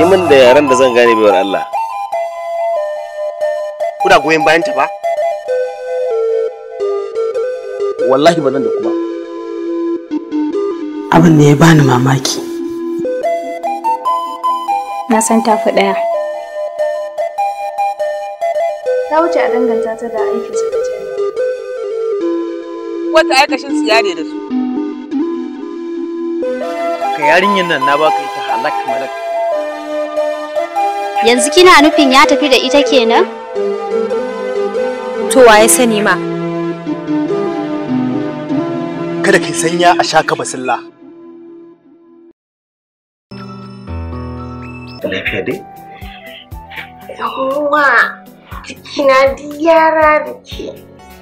yi min da yaren da zan gane baiwar Allah kuna goyon bayan ta ba wallahi ba nan da kuma abin da ya bani mamaki na san tafi ɗaya ta wuce a danganta ta da aikin su da wata aikashin su yare da su ka yarinyin nan na baka ita halakka malakka. yanzu kina nufin ya tafi da ita kenan? To waye sani ma. Kada ki sanya a shaka basilla. Lafiya dai? Yawwa, kina duk yara da ke.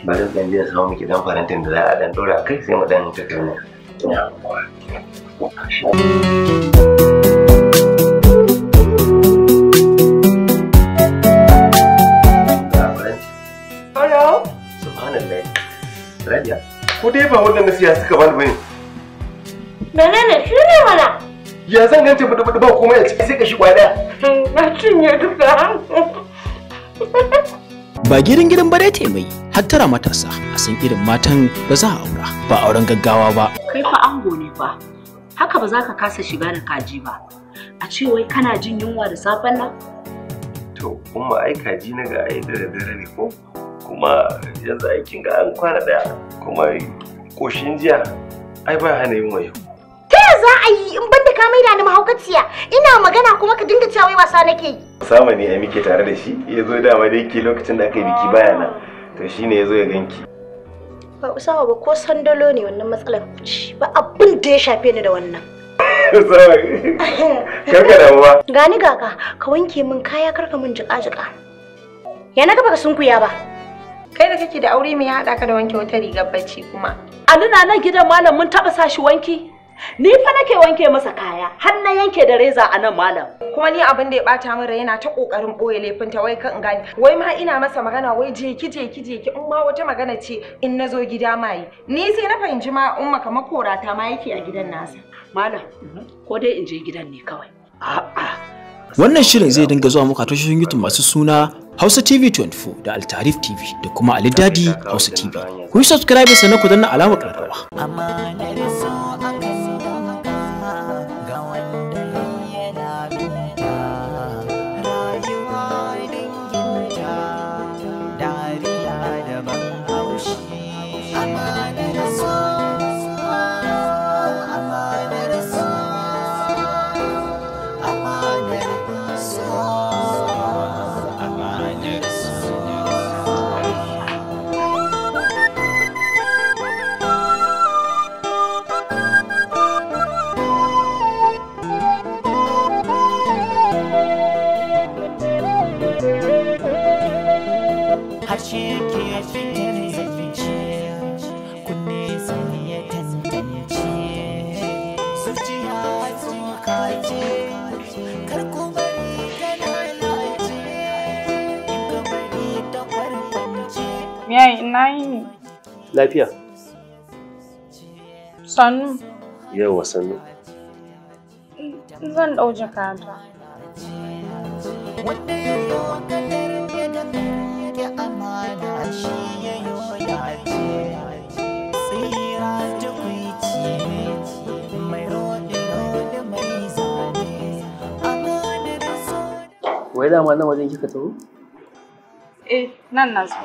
Bari zan je samu miki dan farantin da za a dan dora kai sai mu dan tattauna. Yawwa. ko dai ba wannan nasiya suka bani bane menene shi ne mana ya zan ganta budu budu ba komai a ciki sai ka shi kwada na cinye duka ba gidan gidan bare te mai hattara matasa a san irin matan da za a aura ba auren gaggawa ba kai fa ango ne fa haka ba za ka kasa shiga da kaji ba a ce wai kana jin yunwa da safen nan to kuma ai kaji na ga ai dare dare ne ko kuma yanzu aikin ga an kwana daya kuma koshin jiya ai ba hana yin wayo ta ya za a yi in ban da ka da ni mahaukaciya ina magana kuma ka dinga cewa wasa nake yi sama ne ai muke tare da shi ya zo dama da yake lokacin da aka yi biki baya nan to shine ya zo ya ganki ba usawa ba ko sandalo ne wannan matsalar ba abin da ya shafe ni da wannan karka ba. gani gaka, ka wanke min kaya karka min jika-jika ya na gaba ka sunkuya ba Kai da kake da aure me ya haɗa ka da wanke wata riga bacci kuma? na nan gidan malam mun taɓa sa shi wanki. Ni fa nake wanke masa kaya, har na yanke da reza a nan malam. Kuma ni abin da ya bata min rai yana ta kokarin boye laifinta wai kan gani. Wai ma ina masa magana wai je ki je ki je ki in ma wata magana ce in nazo gida mai. Ni sai na fahimci ma umma kamar korata ma yake a gidan nasa. Malam, ko dai in je gidan ne kawai. A'a. Wannan shirin zai dinga zuwa muka a tashoshin YouTube masu suna Hausa TV 24 da Altarif TV da kuma Ali Dadi Hausa TV. Ku yi subscribe sannan ku danna alamar ƙararrawa. Ina yi Lafiya. Sannu. Yawa sannu. Zan ɗau jakata. Wanda da Wai dama na wajen kika taho? Eh, nan na zo.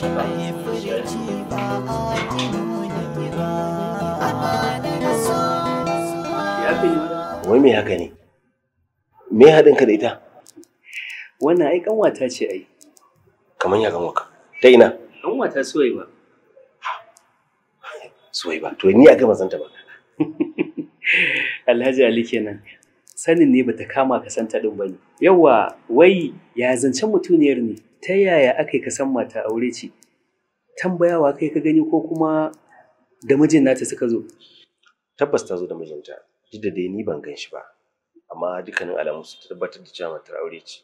wai me haka ne me haɗin ka da ita wannan ai ƙanwata ce ai kamar ya kanwaka ta ina ƙanwata soyi ba soyi ba to ni a gama zanta ba Alhaji Ali kenan sanin ne bata kama ka san ɗin ba. Yau yawa wai ya zancen mutuniyar ne ta yaya aka yi ka san mata aure ce tambayawa kai ka gani ko kuma da mijin nata suka zo tabbas ta zo da mijinta duk da dai ni ban gan shi ba amma dukkanin alamu su tabbatar da cewa matar aure ce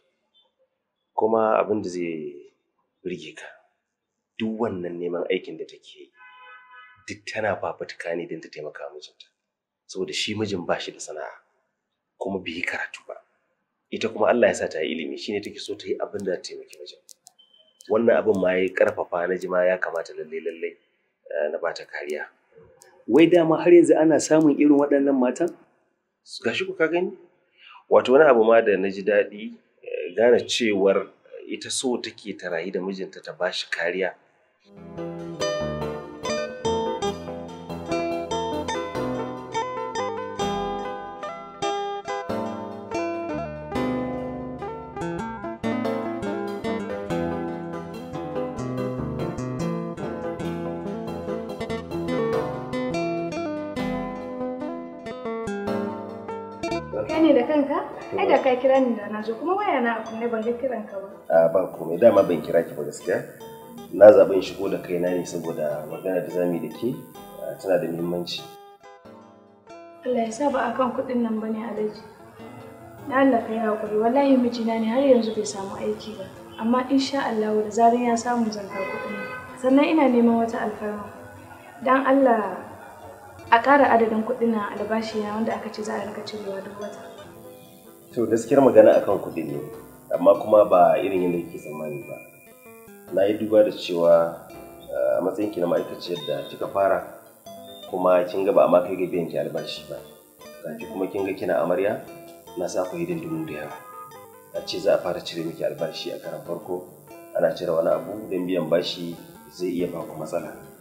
kuma abin da zai burge ka duk wannan neman aikin da take yi duk tana fafutuka ne don ta taimaka mijinta saboda shi mijin ba shi da sana'a kuma bai yi karatu ba ita kuma Allah ya sa ta yi ilimi shine take so ta yi abin da taimaki wajen wannan abin ma ya karfafa na jima ya kamata lalle lalle eh, na bata kariya wai dama har yanzu ana samun irin waɗannan matan gashi ku ka gani wato wani abu ma da na ji daɗi eh, gane cewar ita so take ta rayu da mijinta ta bashi kariya. Kai ne da kanka? Ai da ka kira ni da na zo kuma waya na kunne ban ga kiran ka ba. A ba komai dama ban kira ki ba gaskiya. Na zaɓi in shigo da kaina ne saboda magana da zamu da ke tana da muhimmanci. Allah ya sa ba akan kuɗin nan bane Alhaji. Na Allah ka yi hakuri wallahi mijina ne har yanzu bai samu aiki ba. Amma insha Allah da zarin ya samu zan kawo kuɗin Sannan ina neman wata alfarma. Dan Allah a ƙara adadin kuɗin na albashi na wanda aka ce za a rika cirewa duk wata. To gaskiyar magana akan kuɗi ne, amma kuma ba irin yadda kike tsammani ba. Na yi duba da cewa a matsayin ki na ma'aikaciyar da kika fara kuma kin ga ba a kai ga biyan ki albashi ba. Gaji kuma kin ga kina amarya na sa ku dubu da yawa. A ce za a fara cire miki albashi a karan farko ana cire wani abu don biyan bashi zai iya ba matsala.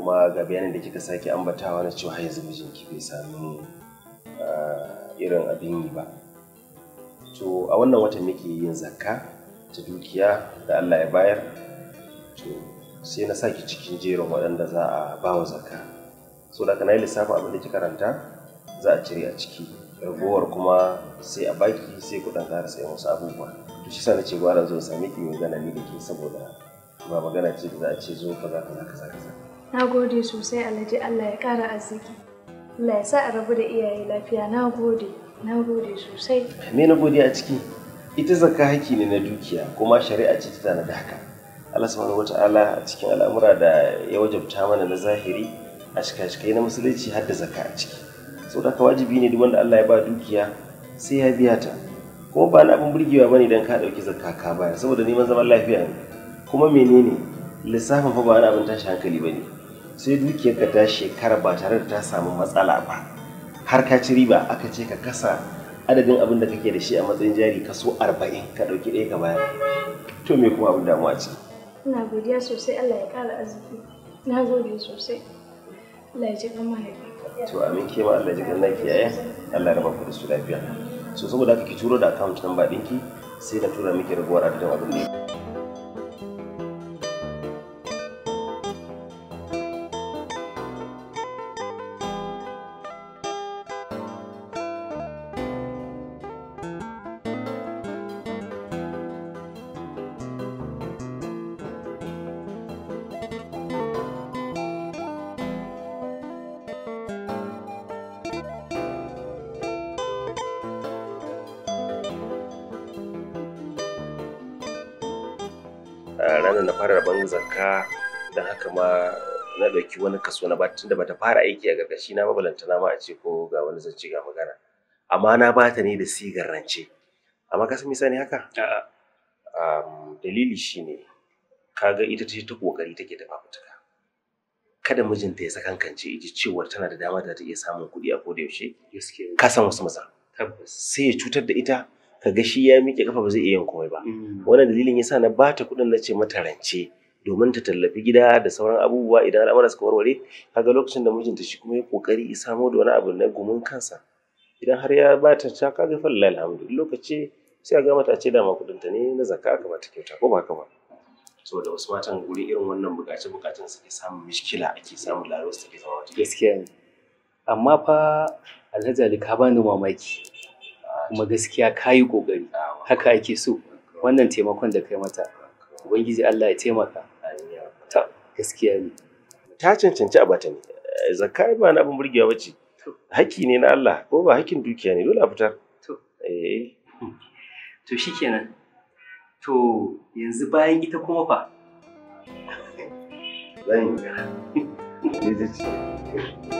kuma ga bayanin da kika sake ambatawa na cewa yanzu mijinki bai sami ah, irin abin yi ba to a wannan watan nake yin zakka ta dukiya da Allah ya bayar to sai na saki cikin jerin waɗanda za a ba wa zakka so da kana yi lissafin abin da kika karanta za a cire a ciki ragowar kuma sai a baki sai kuɗin ƙara sayan wasu abubuwa to shi sa na ce gwara zo sami ki mai gana ni da ke saboda ba magana ce da za a ce zo ka za ka za Na gode sosai Alhaji Allah ya ƙara arziki. Allah ya sa a rabu da iyaye lafiya. Na gode. Na gode sosai. Me na gode a ciki? Ita zakka haki ne na dukiya kuma shari'a ce ta da haka. Allah subhanahu ta'ala a cikin al'amura da ya wajabta mana na zahiri a shika-shikai na musulunci har da zakka a ciki. Saboda haka wajibi ne duk wanda Allah ya ba dukiya sai ya biya ta. Kuma ba na abin burgewa bane idan ka ɗauki zakka ka bayar saboda neman zaman lafiya ne. Kuma menene lissafin fa ba wani abin tashi hankali bane. sai ka ta shekara ba tare da ta samu matsala ba har ka ci riba aka ce ka kasa adadin abin da kake da shi a matsayin jari kaso arba'in ka ɗauki ɗaya ka bayar to me kuma abin damuwa ce ina godiya sosai Allah ya ƙara arziki na gode sosai Allah ya ji kan mahaifa to amin ke ma Allah ya ji kan lafiya ya Allah ya raba ku da su lafiya so saboda haka ki turo da account number ɗinki sai na tura miki raguwar adadin abin da ya ranar na fara rabon zakka don haka ma na ɗauki wani kaso na batun da bata fara aiki a ƙarƙashi na mabalanta na ma a ce ko ga wani zance ga magana amma na bata ne da sigar rance amma ka sami sani haka dalili shine kaga ita ce ta kokari take da fafutuka kada mijinta ya sakankance iji cewar tana da dama da ta iya samun kuɗi a koda yaushe ka san wasu maza sai ya cutar da ita ka ga shi ya miƙe kafa ba zai iya yin komai ba mm. wannan dalilin yasa na bata kuɗin na ce mata rance domin ta tallafi gida da sauran abubuwa idan al'amura suka warware kaga lokacin da mijinta shi kuma ya kokari ya samo da wani abu na gumin kansa idan har ya bata ta kaga fa alhamdu lokaci sai a ga mata ce dama kuɗin ta ne na zakka aka bata kyauta ko ba ka ba saboda wasu matan guri irin wannan bukace su suke samun mishkila ake samun su suke zama wata gaskiya amma fa alhaji ali ka bani mamaki kuma gaskiya ka yi ƙoƙari haka ake so wannan taimakon da kai mata ubangiji Allah ya taimaka ta gaskiya ne ta cancanci a bata ne eh, zakka ba na abin burgewa bace haki ne na Allah ko ba hakin dukiya ne dole a fitar to eh to shikenan to yanzu bayan ita kuma fa zan yi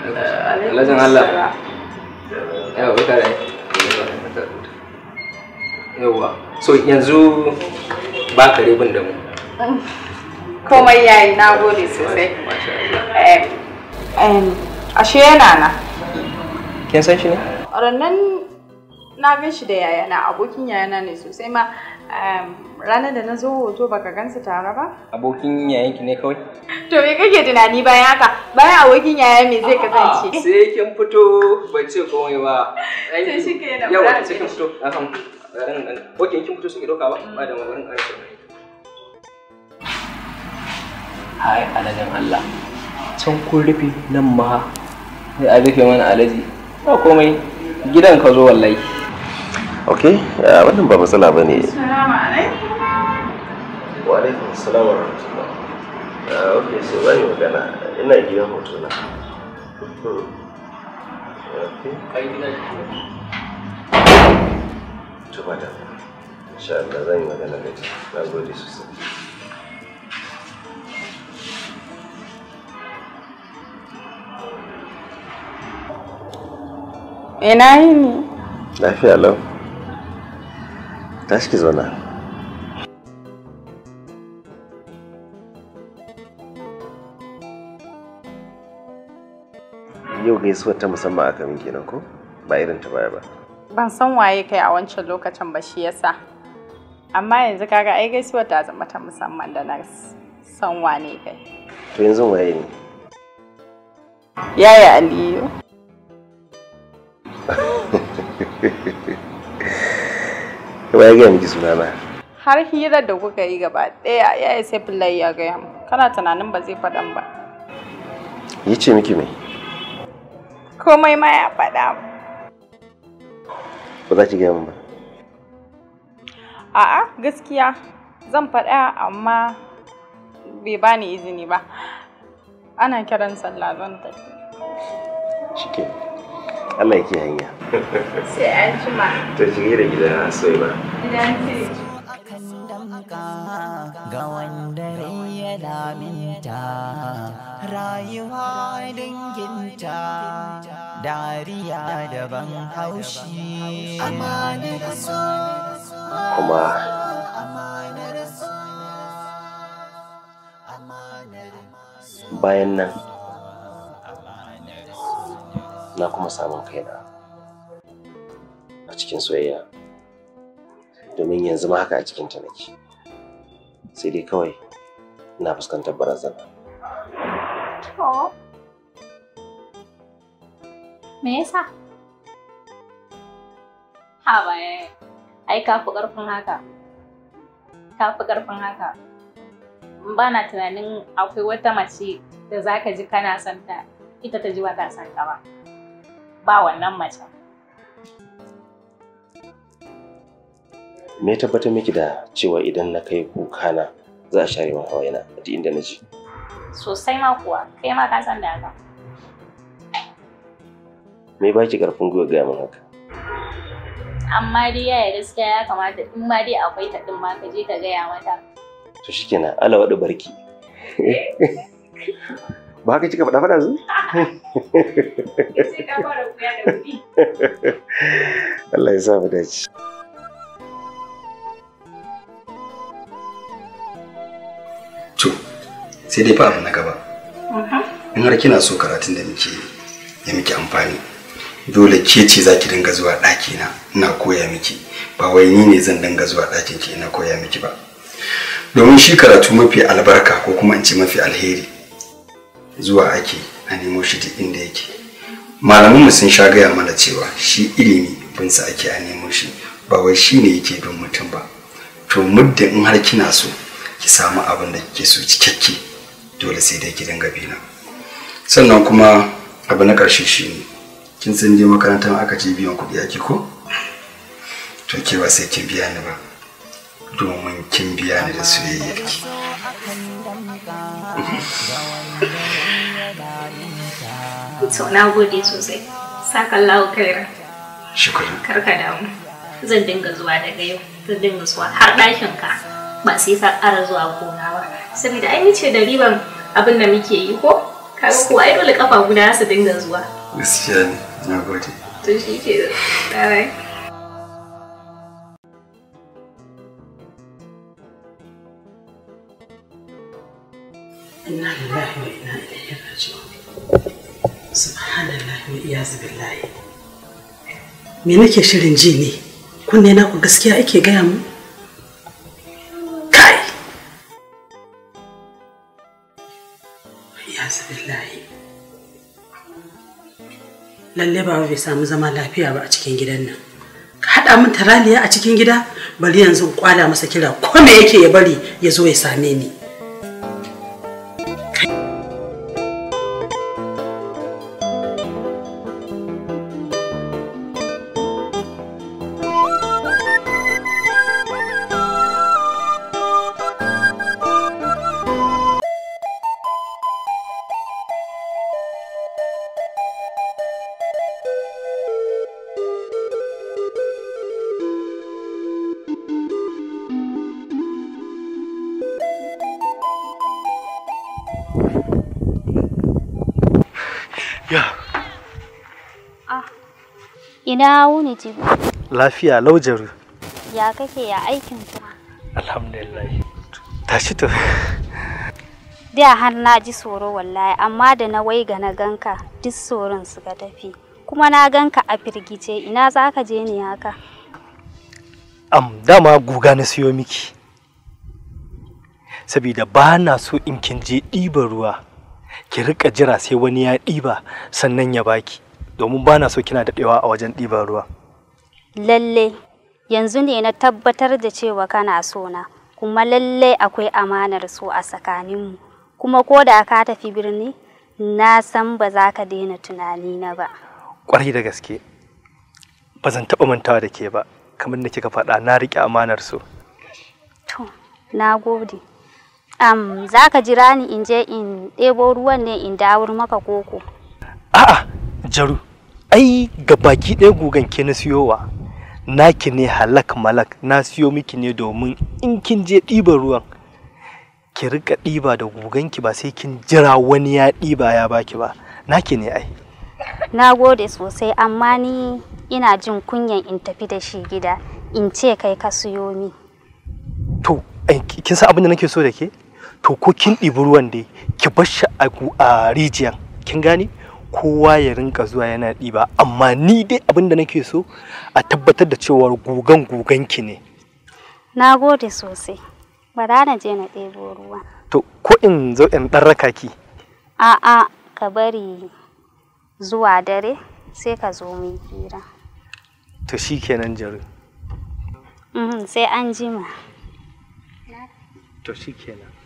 Eh, Alhajin So yanzu ba ka ribin da mu. Komai yayi, na gode sosai. Ashe yana na. Kin san shi ne? Rannan na gan shi da yayana, abokin yayana ne sosai ma ranar da na zo hoto baka gansu tare ba? Abokin ki ne kawai. To me kake tunani bayan haka? Bayan abokin yaya me zai kasance? Sai kin fito bai ce komai ba. To shi ke nan. Yawa sai kin fito. Ok kin fito sun ki doka ba? Mm. Ba da maganin ƙarshe. Hai aladen Allah. Can kun rufe nan ma. Sai a rufe mana alaji. Ba komai. Gidan ka zo wallahi. ok ah, wannan ba matsala ba ne wa alaikum wa rahmatullah ah, ok so zan yi magana ina gidan to insha Allah zan yi magana da ita na gode sosai ina lafiya lau tashi ki zauna yau gaisuwar ta musamman aka min kenan ko ba irin ta baya ba ban san waye kai a wancan lokacin ba shi yasa amma yanzu kaga ai gaisuwar ta zama ta musamman da na san wane kai to yanzu waye ne yaya aliyu kuma ya gaya miki suna na. har hirar da kuka yi gaba ɗaya ya yi sai fillayi ya gaya mu kana tunanin ba zai faɗan ba yi ce miki mai komai ma ya faɗa ba za ki gaya mu ba a'a gaskiya zan faɗa amma bai bani izini ba ana kiran sallah zan tafi shikenan Allah ya ke hanya sai an ci jima to shige da gida na soyi ba gidan ga wanda ya laminta rayuwa danginta dariya daban haushi kuma bayan nan na kuma samun kaina a cikin soyayya domin yanzu ma haka a cikin ta nake sai dai kawai ina fuskantar barazana me yasa ha baya eh, eh. ai ka fi ƙarfin haka ka fi ƙarfin haka ba na tunanin akwai wata mace da zaka ji kana santa ita ta ji ba ta santa ba ba wannan macen. Me tabbatar miki da cewa idan na kai kuka na za a share min hawaye na duk inda na ji. Sosai ma kuwa, kai ma ka san da haka. Me ba ki karfin gwiwa gaya min haka? Amma dai yaya gaskiya ya kamata in ma dai akwai ta din ma ka je ka gaya mata. To shikenan, Allah wadu barki. ba haka kika faɗa faɗa zu? Allah ya sa mu dace. To, sai dai fa abu na gaba. In har kina so karatun da muke ya muke amfani. Dole ke ce za ki dinga zuwa ɗakina na koya miki ba wai ni ne zan dinga zuwa ɗakin ki na koya miki ba. Domin shi karatu mafi albarka ko kuma in ce mafi alheri zuwa ake a nemo shi duk inda yake mu sun sha gaya mana cewa shi ilimi binsa ake a nemo shi ba wai shi ne yake bin mutum ba to muddin in har kina so ki samu abin da kike so cikakke dole sai dai ki dinga bina sannan kuma abu na karshe shi ne kin san je makarantar aka ce biyan kuɗi ake ko to ke ba sai kin biya ni ba domin kin biya ni da soyayyarki so na gode sosai sakallahu kaira shukran karka damu zan dinga zuwa daga yau zan dinga zuwa har ɗakin ka ba sai ka ƙara zuwa gona ba saboda ai ce da riban abin da muke yi ko ga ko ai dole kafa guda su dinga zuwa gaskiya ne na gode to shi ke bye Inna lillahi subhanallah wa iyazu me nake shirin ji ne kunne na ku gaskiya ake gaya mu kai iyazu billahi lalle ba bai samu zama lafiya ba a cikin gidan nan ka haɗa min taraliya a cikin gida bari yanzu kwala masa kira ko me yake ya bari ya zo ya same ni Ah. Ina wuni ce. Lafiya laujaru. Ya kake ya aikin kuma? Alhamdulillah. Tashi to. Da har na ji tsoro wallahi amma da na wai ga na ganka duk tsoron su ga tafi. Kuma na ganka a firgice ina za ka je ni haka? Am dama guga na siyo miki. Sabida ba na so in kin je ɗiban ruwa ki rika jira sai wani ya ɗiba sannan ya baki domin bana so kina daɗewa a wajen ɗiban ruwa. Lalle yanzu ne na tabbatar da cewa kana sona kuma lalle akwai amanar so a tsakaninmu kuma ko da ka tafi birni na san ba za ka daina tunani na ba. Ƙwarai da gaske ba zan taɓa mantawa da ke ba kamar da kika faɗa na riƙe amanar so. To, na gode. um, za ka jira ni in je in ɗebo ruwan ne in dawur maka koko a'a jaru ai ga baki ɗaya gugan ke na siyowa ki ne halak malak na siyo miki ne domin in kin je ɗiban ruwan ki rika ɗiba da guganki ba sai kin jira wani ya ɗiba ya baki ba ki ne ai na gode sosai amma ni ina jin kunyan in tafi da shi gida in ce kai ka siyo ni to kin san abin da nake so da ke to ko kin ɗibi ruwan dai ki bar shi a rijiyan kin gane kowa ya rinka zuwa yana ɗiba amma ni dai abin da nake so a tabbatar da cewa gugan gugan ki ne na gode sosai ba da na je na ɗebo ruwa to ko in zo in ɗan raka ki a'a ka bari zuwa dare sai ka zo mu hira to shikenan jaru mm-hmm, sai an jima to shikenan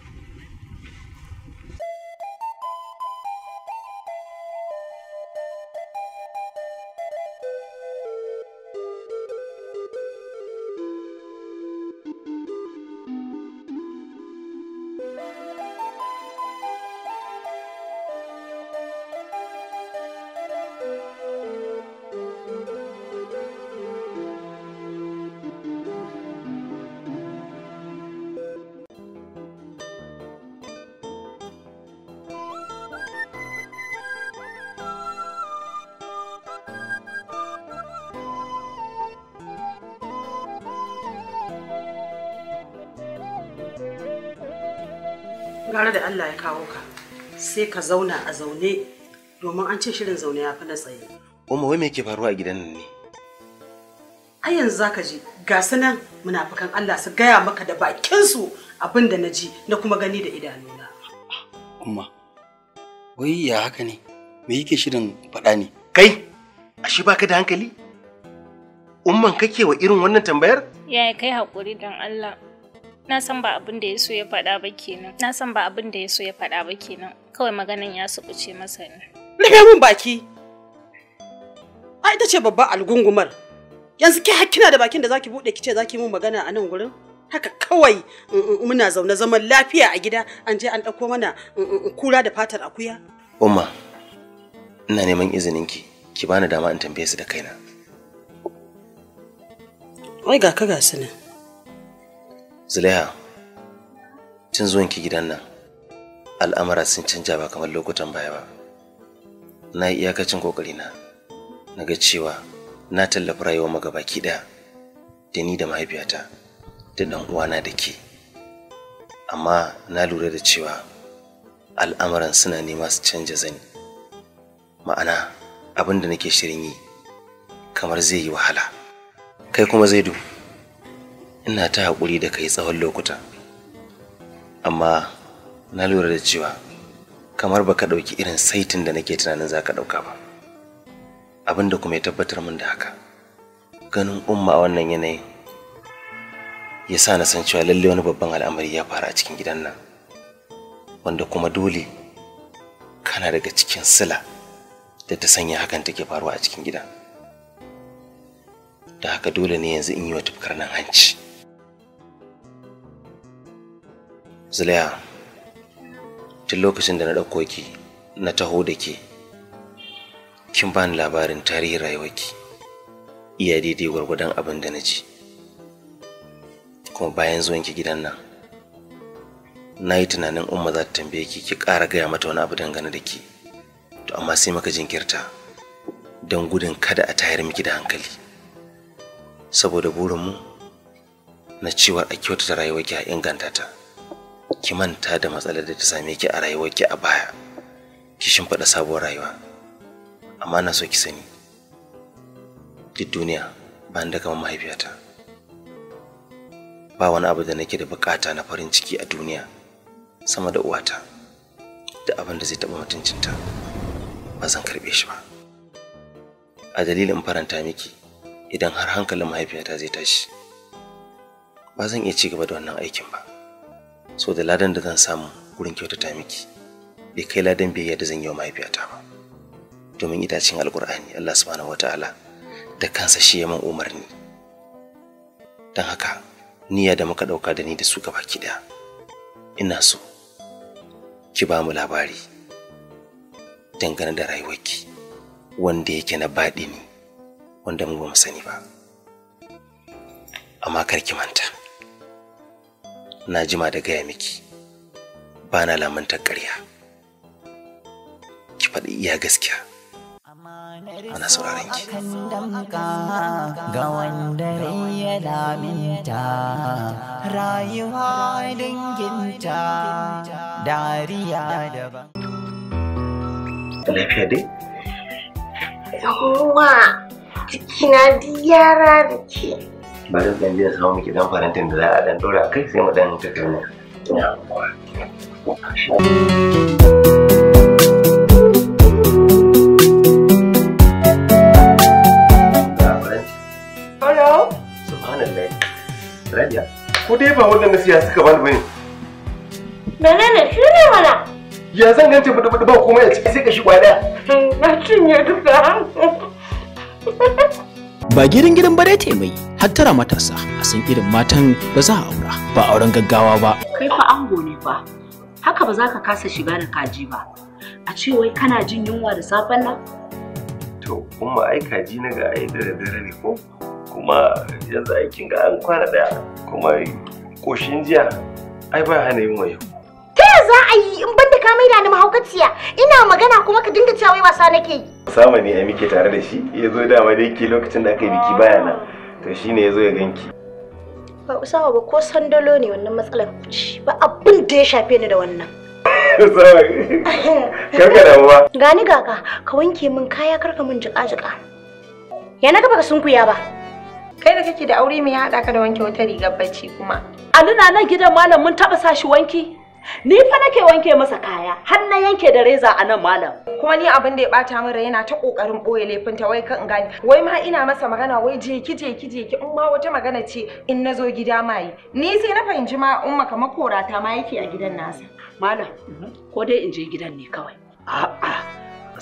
gara da Allah ya kawo ka sai ka zauna a zaune domin an ce shirin zaune ya fi na tsaye. Umma wai me ke faruwa a gidan nan ne? A yanzu zaka je, ga sanan munafukan Allah su gaya maka da bakinsu abin da na na kuma gani da idanuna. Umma wai ya haka ne me yake shirin faɗa ne? Kai ashe baka da hankali? Umman kake wa irin wannan tambayar? Yaya kai haƙuri don Allah. na san ba abin da ya so ya faɗa ba kenan na san ba abin da ya so ya faɗa ba kenan kawai maganan ya subuce masa ne rufe mun baki a ita ce babban algungumar yanzu ke hakkina da bakin da zaki bude kice zaki mun magana a nan gurin haka kawai mm, mm, mm, muna zaune zaman lafiya a gida an je an ɗauko mana kura da fatar akuya. Umma, ina neman izinin ki ki bani dama in tambaye su da kaina. Wai ga ka ga su Zulaiha, tun ki gidan nan, al'amara sun canja ba kamar lokutan baya ba. Na yi iyakacin ƙoƙarina, na ga cewa na tallafi rayuwar mu baki ɗaya, da ni da mahaifiyata, da ɗan uwana da ke. Amma na lura da cewa al'amuran suna nema su canja zani. Ma'ana, abin da nake shirin yi, kamar zai yi wahala. Kai kuma zai du. ina ta hakuri da kai tsawon lokuta amma na lura da cewa kamar baka ɗauki irin saitin da nake tunanin za ka ɗauka ba abin da kuma ya tabbatar min da haka ganin umma a wannan yanayin ya sa na san cewa lalle wani babban al'amari ya fara a cikin gidan nan wanda kuma dole kana daga cikin sila da ta sanya hakan take faruwa a cikin gidan da haka dole ne yanzu in yi wa tufkar nan hanci Zulaiha, tun lokacin da na ɗauko ki na taho da ke, kin ba ni labarin tarihin rayuwarki iya daidai gwargwadon abin da na ji. Kuma bayan zuwanki gidan nan, na yi tunanin umma za ta tambaye ki ki ƙara gaya mata wani abu dangane da ke, to amma sai maka jinkirta don gudun kada a tayar miki da hankali. Saboda burinmu na cewa a kyautata rayuwarki a inganta ta. ki manta da matsalar da ta same ki a ki a baya ki shimfiɗa sabuwar rayuwa amma na so ki sani duk duniya ba da kama mahaifiyata ba wani abu da nake da bukata na farin ciki a duniya sama da uwata da abin da zai taɓa mutuncinta ba zan karɓe shi ba a dalilin faranta miki idan har hankalin mahaifiyata zai tashi ba zan iya ci gaba da wannan aikin ba so da ladan da zan samu gurin kyautata miki bai kai ladan bai yadda zan yi wa mahaifiyata ba domin itacin alkur'ani Allah subhanahu wataala da kansa shi ya man umarni don haka niyya da muka ɗauka da ni da su gaba ki ina so ki ba mu labari dangane da rayuwarki wanda yake na baɗi ni, wanda mu ba mu sani ba amma kar ki manta na jima da gaya miki ba na lamantar ƙarya ki faɗi iya gaskiya ana sauraron ki ga wanda ya laminta rayuwa dinginta dariya daban lafiya dai yawwa jikina duk yara da ke bari dan je sama miki dan farantin da za a dan dora kai sai mu dan tattauna Rabia, ku dai ba waɗanda siya suka bani bane. shi mana? Ya zan gance budu budu ba komai a ciki sai ka shi kwada. Na cinye duka. ba girin girin ba dai ta mai hattara matasa a san irin matan da za a aura ba auren gaggawa ba kai fa ango ne ba haka ba za ka kasa shiga da kaji ba a ce wai kana jin yunwa da safen nan to kuma ai kaji na ga ai dare dare ne ko kuma yanzu aikin ga an kwana daya kuma koshin jiya ai ba hana yunwa yau. za a yi in banda ka maida ni mahaukaciya ina magana kuma ka dinga cewa wasa nake yi sama ne ai muke tare da shi ya zo dama dai yake lokacin da aka yi biki baya na to shine ya zo ya ganki ba usama ba ko sandalo ne wannan matsalar ba abin da ya shafe ni da wannan karka ba. gani gaka ka wanke min kaya karka min jika-jika ya na gaba ka sunkuya ba kai da kake da aure me ya haɗa ka da wanke wata rigar bacci kuma aluna nan gidan malam mun taɓa sa shi wanki Ni fa nake wanke masa kaya, har na yanke da reza a nan malam. Kuma ni abin da ya bata min rai yana ta kokarin boye laifinta wai kan gani. Wai ma ina masa magana wai je ki je ki je ki in ma wata magana ce in nazo gida mai. Ni sai na fahimci ma umma kamar korata ma yake a gidan nasa. Malam, ko dai in je gidan ne kawai. A'a.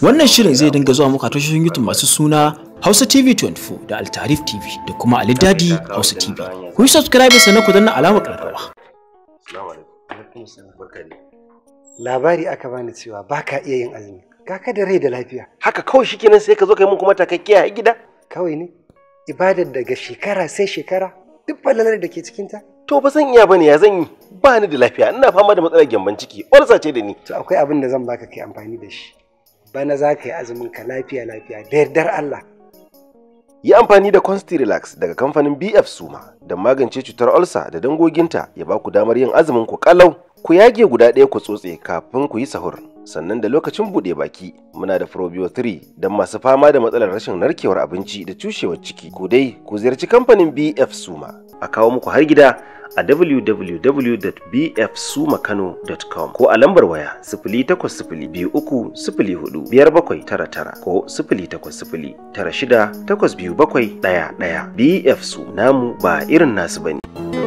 Wannan shirin zai dinga zuwa muka tashoshin YouTube masu suna Hausa TV 24 da Altarif TV da kuma Ali Dadi Hausa TV. Ku yi subscribe sannan ku danna alamar karkawa. Labari aka bani cewa baka iya yin azumi. Kaka da rai da lafiya. Haka kawai shikenan sai ka zo kai mun kuma takakkiya a gida? Kawai ne. Ibadar daga shekara sai shekara duk falalar da ke cikin ta To ba zan iya bane ya zan yi. Ba ni da lafiya ina fama da matsalar gyamban ciki. Ulsa ce da ni. To akwai abin da zan baka kai amfani da shi. Bana za ka yi azumin ka lafiya lafiya da yardar Allah. Yi amfani da Consti Relax daga kamfanin BF Suma don magance cutar olsa da dangoginta ya ba ku damar yin azumin ku kalau Ku yage guda ɗaya ku tsotse kafin ku yi sahur. Sannan da lokacin buɗe baki muna da Probio 3 don masu fama da matsalar rashin narkewar abinci da cushewar ciki. Ku dai ku ziyarci kamfanin BF Suma a kawo muku har gida a www.bfsumakano.com ko a lambar waya 08023045799 ko 080962771 BF Su namu ba irin nasu bane.